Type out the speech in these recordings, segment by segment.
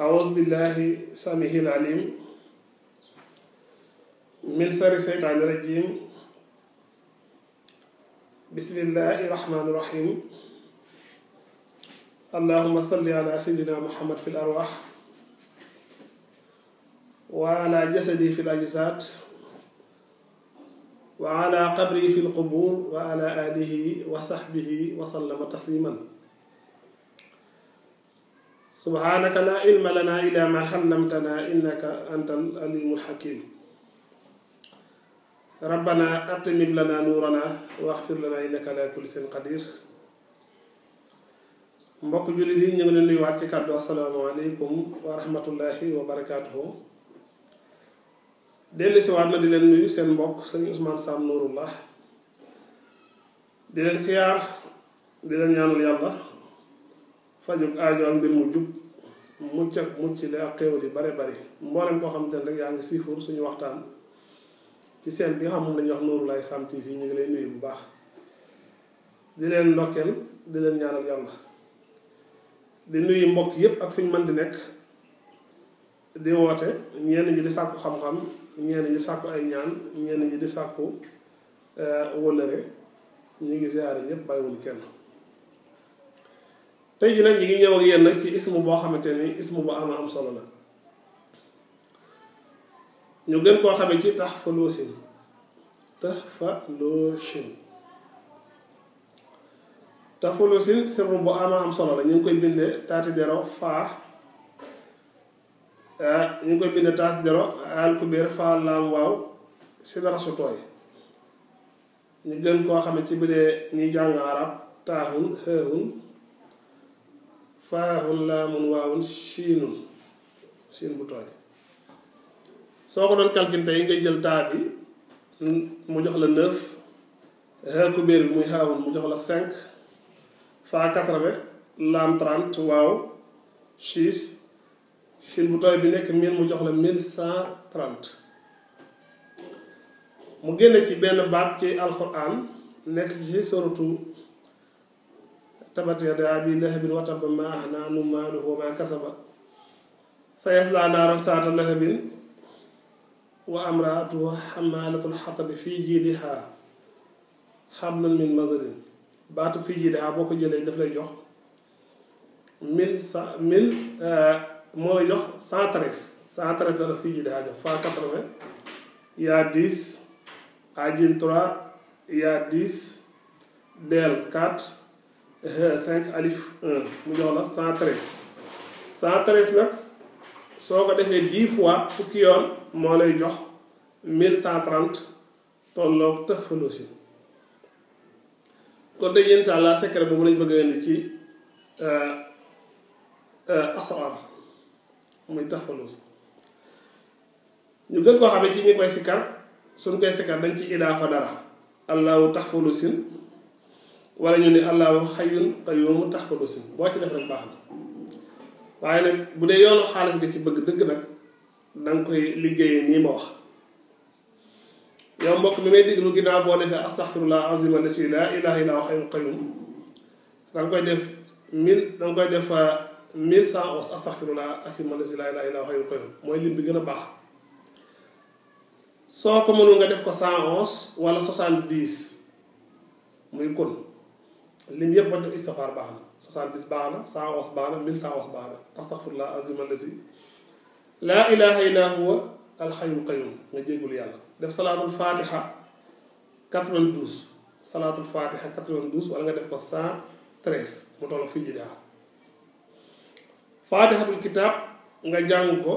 أعوذ بالله سميع العليم من شر الشيطان الرجيم بسم الله الرحمن الرحيم اللهم صل على سيدنا محمد في الأرواح وعلى جسدي في الأجساد وعلى قبري في القبور وعلى آله وصحبه وسلم تسليما سبحانك لا علم لنا إلا ما علمتنا إنك أنت العليم الحكيم ربنا أتمم لنا نورنا واغفر لنا إنك على كل شيء قدير mbokk jullit yi ñu ngi leen nuyuwaat ci kàddu asalaamaaleykum wa rahmatullahi wa barakaatuhu dellu si waat na di leen nuyu seen mbokk sëñ Sam Nourullah di leen siyaar di leen ñaanul yàlla fajug aajo ak mbir mu jub mucc ak mucc li ak xéewal yu bare bari mboolem koo xam te ne rek yaa ngi siifur suñu waxtaan ci seen bi nga xam moom lañuy wax noonu Laye Sam TV ñu ngi lay nuyu bu baax di leen ndokkeel di leen ñaanal yàlla di nuyu mbokk yëpp ak fi ñu mën di nekk di woote ñenn ñi di sàkku xam-xam ñenn ñi di sàkku ay ñaan ñenn ñi di sàkku euh, wëllëre ñu ngi ziare ñëpp bàyyiwul kenn tey jii nag ñu ngi ñëw ak ci ismu boo xamante ni ismu bu am am solo la ñu gën koo xamee ci tahfaluusin tahfaluusin tahfaluusin sirru bu am am solo la ñu ngi koy bindee taati dero faa ñu ngi koy bindee taati dero alkubeer faa laam waaw si dara su tooy ñu gën koo xamee ci bu dee ñuy jàng arab taahun xeehun faaxun laamun waawun siinun siin bu tooy soo ko doon calcul tey ngay jël taa bi mu jox la neuf xeetu muy xaawun mu jox la cinq faa quatre-vingt laam trente waaw six siin bu tooy bi nekk mille mu jox la mille cent trente mu génne ci benn baat ci alxuraan nekk ci suratu تبت يدا أبي لهب وتب ما أحنان ماله وما كسب سيصلى نارا سعر لهب وأمراته حمالة الحطب في جيدها حبل من مزر باتوا في جيدها بوك جيدي دفلي جوخ من سا من آه مو يوخ سانتريس سانتريس دار في جيدها جوخ فا كترمي يا ديس أجين ترا يا ديس ديل كات 5 alif 1 mu jox la 113 113 nag soo ko defee 10 fois fukki yoon moo lay jox 1130 tolloog tëx faluusi kon tey insha allah secret boobu lañ bëgg a ci euh, euh, asrar muy tëx faluusi ñu gën koo xamee ci ñi koy sikkar suñ koy sikkar dañ ci idaafa dara allahu tax faluusin wala ñu ne allahu xayyun qayyum tax fa dosim boo ci def rek baax na waaye nag bu dee yoonu xaalis bi ci bëgg dëgg na danga koy liggéeyee nii ma wax yow mbokk mi may déglu ginnaaw boo defee astaxfirullah azima lasi laa koy def mille danga koy def euh, mille cent onze astaxfirullah laa ilaha illa wa mooy lim bi gën a baax soo ko mënul nga def ko cent onze wala soixante dix muy kon lim yëpp ba jox istifaar baax na 70 baax na 111 baax na 1111 baax na astaghfirullah azima allazi laa ilaha illa huwa alxayyul nga jéggul yàlla def salaatul fatiha 92 salaatul fatiha 92 wala nga def ko 113 mu toll fii ji daal fatihatul nga jàng ko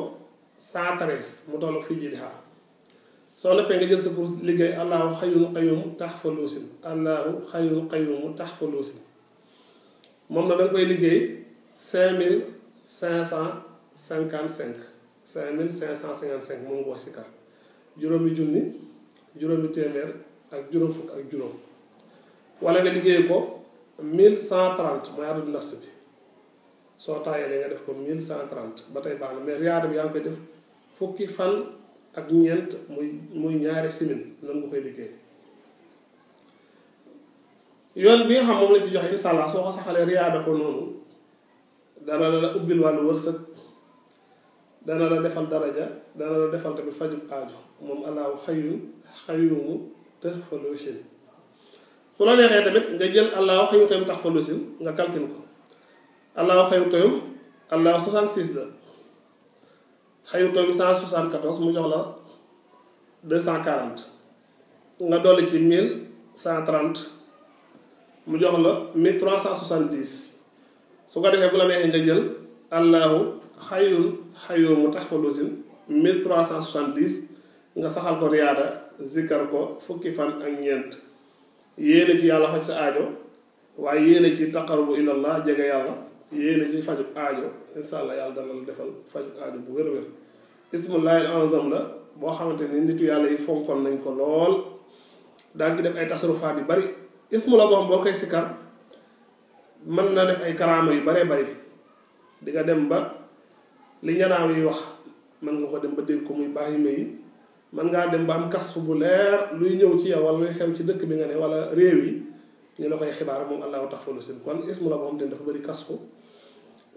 113 mu toll fii ji soo noppee nga jël sa kurus liggéey allahu xayyul qayyum tax fa luusin allahu xayyul qayyum tax fa luusin moom na dañ koy liggéey cinq mille cinq cent cinquante cinq cinq mille cinq cent cinquante cinq moom nga wax si kar juróomi junni juróomi téeméer ak juróom fukk ak juróom wala nga liggéey ko mille cent trente mooy addu nafs bi soo taayee nga def ko mille cent trente ba tey baax na mais riyaada bi yaa ngi koy def fukki fan ak ñeent muy muy ñaari simin lan nga koy dikkee yoon bi nga xam moom la ci joxe insha soo ko saxalee riyaada ko noonu dana la la ubbil wàllu wërsëg dana la defal daraja dana la defal tamit fajub aajo moom allahu xayyum xayyumu tax fa fu la neexee tamit nga jël allahu xayyum xayyum tax fa nga calcule ko allahu xayyum xayyum allahu 66 la xayutoo bi cent soixante quatorze mu jox la deux cent quarante nga dolli ci mille cent trente mu jox la mille trois cent soixante dix su ko defee bu la neexee nga jël allahu xayrun xayrun mu tax fa lusin mille trois cent soixante dix nga saxal ko riyaada zikkar ko fukki fan ak ñeent yéene ci yàlla faj sa aajo waaye yéene ci taqarrubu ilallah jege yàlla yéene ci fajub aajo incha allah yàlla dana la defal fajub aajo bu wér-wér ismullaahil azam la boo xamante ni nitu yàlla yi fonkoon nañ ko lool daal ci def ay tasarufaat yu bari ismu la moom boo koy sikar mën na def ay karaama yu baree bari di dem ba li ñanaaw yi wax man nga ko dem ba dégg ko muy baaxime yi mën ngaa dem ba am kasfu bu leer luy ñëw ci yow wala luy xew ci dëkk bi nga ne wala réew yi ñu la koy xibaar moom allahu tax falu sin kon ismu la dafa bëri kasfu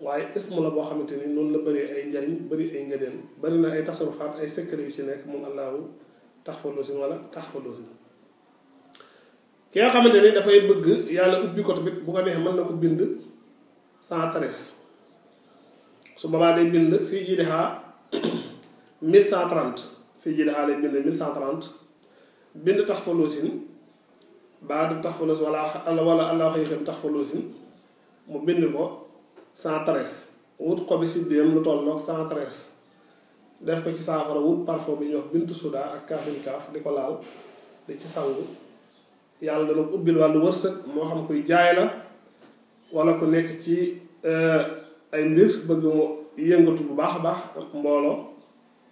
waaye ismu la boo xamante ni noonu la bari ay njariñ bëri ay ngëneel bari na ay tasarufaat ay secret yu ci nekk moom allahu taxfaloosin wala taxfaloosin ki nga xamante ni dafay bëgg yàlla ubbi ko tamit bu ko neexee mën na ko bind cent treize su boobaa day bind fii ji dexaa mille cent trente fii ji dexaa lay bind mille cent trente bind taxfaloosin baatu taxfaloosin wala wala allahu xëy xëy taxfaloosin mu bind ko cent treize wut xobi siddéem lu tolloog cent treize def ko ci saafara wut parfum bi ñuy bintu sudaa ak kaafin kaaf di ko laal di ci sangu yàlla dana ko ubbil wàllu wërsëg moo xam kuy jaay la wala ku nekk ci eh, ay mbir bëgg mu yëngatu bu baax a baax mbooloo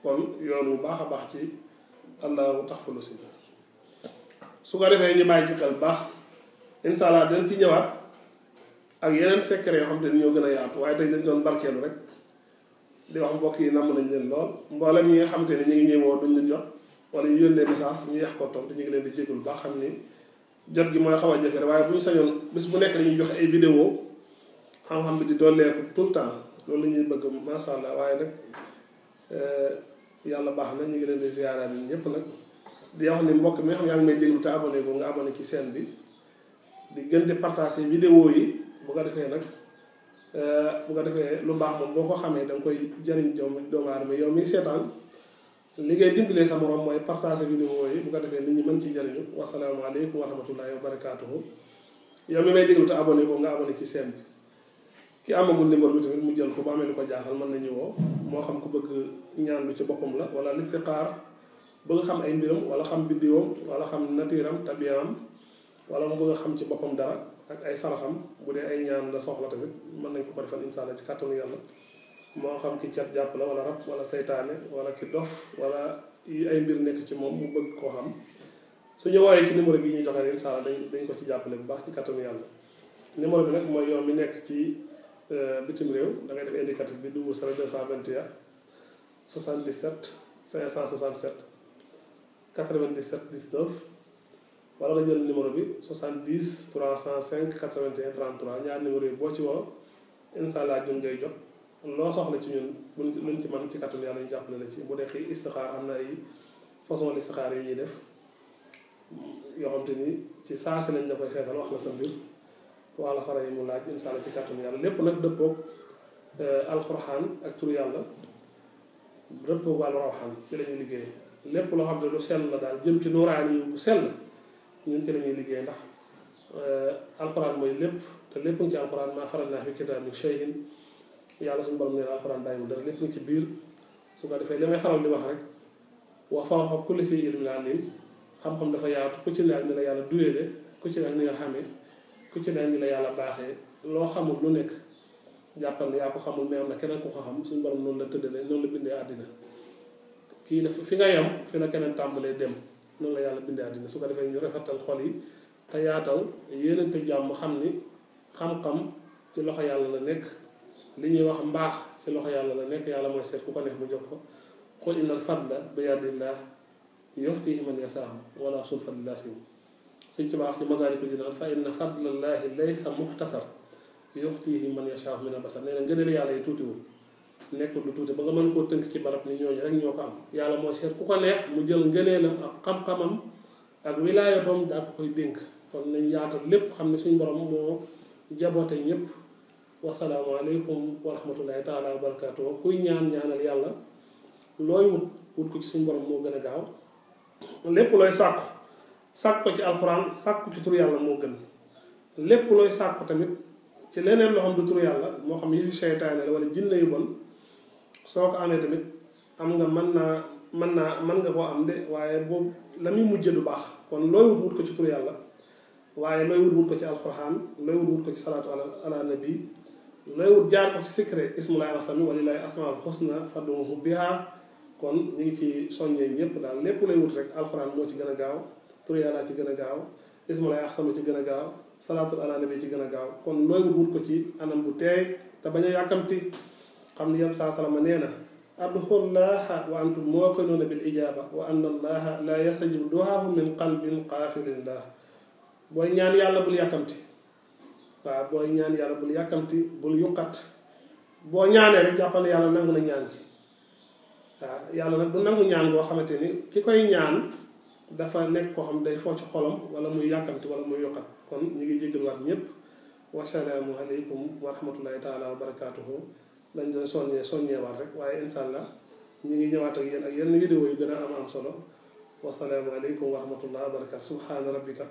kon yoon bu baax a baax ci allahu tax falu si su ko defee ñu bàyyi ci xel baax incha allah dañ ci ñëwaat ak yeneen secret yoo xam te ñoo gën a yaatu waaye tey dañ doon barkeelu rek di wax mbokk yi namm nañ leen lool mboolem ñi nga xam ne ñu ngi ñuy woo duñ leen jot wala ñu yónnee message ñu leen di jégalu baax xam ni jot gi mooy xaw a jafe waaye bu ñu sañoon bis bu nekk dañuy joxe ay vidéo xam-xam bi di dooleeku tout le temps loolu la ñuy bëgg macha allah waaye nag euh, yàlla baax na ñu ngi leen di ziaraat ñun ñëpp nag di wax ni mbokk mi nga xam yaa ngi may déglu te abonné ko nga abonné ci seen bi di gën di partager vidéo yi. bu ko defee nag euh, bu ko defee lu baax moom boo ko xamee da nga koy jariñ jom doomu aadama yow miy seetaan li ngay dimbalee sa morom mooy partager vidéo yi bu ko defee nit ñi mën ci jariñu wasalaamaaleykum wa rahmatullahi wa barakaatuhu yow mi may déglu te abonné ko nga abonné ci seen bi ki amagul numéro bi tamit mu jël ko bu amee lu ko jaaxal mën na ñëwoo moo xam ku bëgg ñaan lu ci boppam la wala listixaar bëgg xam ay mbiram wala xam biddiwam wala xam natiiram tabiyaam wala mu xam ci boppam dara ak ay saraxam bu dee ay ñaan la soxla tamit mën nañ ko ko defal incha allah ci kàttanu yàlla moo xam ki cat jàpp la wala rab wala seytaane wala ki dof wala ay mbir nekk ci moom mu bëgg koo xam suñu woowee ci numéro bi ñuy joxe rek incha allah dañ dañ ko ci jàppale bu baax ci kàttanu yàlla numéro bi nag mooy yoon mi nekk ci euh, bitim réew da ngay def indicatif bi double zéro deux cent vingt et un 77 567 97 19 wala nga jël numéro bi 70 305 81 33 ñaar numéro yi boo ci woo incha allah ñun ngay jot loo soxla ci ñun buñ luñ ci mën ci kattan yàlla ñu jàppale la ci bu dee xii istixaar am na ay façon istixaar yu ñuy def yoo xam te ni ci saa si lañ la koy seetal wax la sa mbir wax la sara yi mu laaj incha allah ci kattan yàlla lépp nag dëppoog alxuraan ak tur yàlla dëppoog alxuraan ci la ñuy liggéey lépp loo xam te lu sell la daal jëm ci nuuraan yi bu sell. ñun ci lañuy liggéey ndax euh, alxuraan mooy lépp te lépp ngi ci alxuraan maa farratnaa fii kitaabi min shay'in yàlla suñu borom nee na alxuraan bàyyi mu dara lépp ngi ci biir su ko defee damay may faral di wax rek wax fawqa kulli zii ilmin aliim xam-xam dafa yaatu ku ci ne ak ni la yàlla duyeele ku ci ne ak ni nga ku ci ne ak ni la yàlla baaxee loo xamul lu nekk jàppal yaa ko xamul mais na keneen ku ko xam suñu borom noonu la tëddale noonu la bindee àddina kii def fi nga yem fi la keneen tàmbalee dem noonu la yàlla bindee àddina su ko defee ñu rafetal xol yi te yaatal yéenante jàmm xam ni xam-xam ci loxo yàlla la nekk li ñuy wax mbaax ci loxo yàlla la nekk yàlla mooy seet ku ko neex mu jox ko qul inna al fadla bi yadillah yuxtihi man yasaahu wala sulfa lillasin sëñ ci baax ci ko jinaan fa inna fadla fadlallahi laysa muxtasar yuxtihi man yasaahu min al basar nee na ngëneel yàlla yi tuutiwul nekkul lu tuuti ba nga mën koo tënk ci barab ni ñooñu rek ñoo ko am yàlla mooy seet ku ko neex mu jël ngëneelam ak xam-xamam ak wilaayatoom daa ko koy dénk kon nañ yaatal lépp xam ne suñ borom moo jaboote ñëpp wasalaamaaleykum wa rahmatullahi taala kuy ñaan ñaanal yàlla looy wut wut ko ci gën a gaaw lépp looy sàkku sàkku ko ci alxuraan sàkku ci turu yàlla moo gën lépp looy sàkku tamit ci leneen loo xam du turu yàlla moo xam yëfi seytaane la wala jinne yu bon soo ko amee tamit am nga man naa mën naa mën nga koo am de waaye boobu la muy mujjee du baax kon looy wut wut ko ci tur yàlla waaye looy wut wut ko ci alquran looy wut wut ko ci salaatu ala ala nabi looy wut jaar ko ci secret ismulaay asami walilaay asmaul husna fad'uhu biha kon ñu ngi ci soññee ñëpp daal lépp lay wut rek alquran moo ci gën a gaaw tur yàlla ci gën a gaaw ismulaay asami ci gën a gaaw salaatul ala nabi ci gën a gaaw kon looy wut wut ko ci anam bu teey te bañ a yàkkamti xam ne yam saa salama nee na adxu wa antum muwakiluuna bil ijaaba wa an allaha la yastajibu duhaahu min qalbin qaafilin lah booy ñaan yàlla bul yàkkamti waaw booy ñaan yàlla bul yàkkamti bul yuqat boo ñaanee rek jàppal ne yàlla nangu na ñaan ci waaw yàlla nag du nangu ñaan boo xamante ni ki koy ñaan dafa nekk koo xam day foo ci xolam wala muy yàkkamti wala muy yuqat kon ñu ngi ñëpp wasalaamu aleykum wa rahmatullahi taala wa barakaatuhu lañ doon soññee soññeewaat rek waaye incha allah ñu ngi ñëwaat ak yéen ak yenn vidéo yu gën a am am solo wasalaamu aleykum wa rahmatullah wa barakatu subhaana rabbika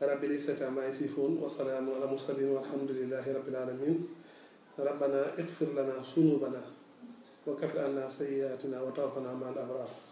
rabbil izzati ammaa yasifuun wa salaamun alal mursaliin walhamdulillahi rabbil aalamiin rabbana ighfir lana sunuubanaa wa kaffir annaa sayyi'aatinaa wa tawaffanaa ma'al abraar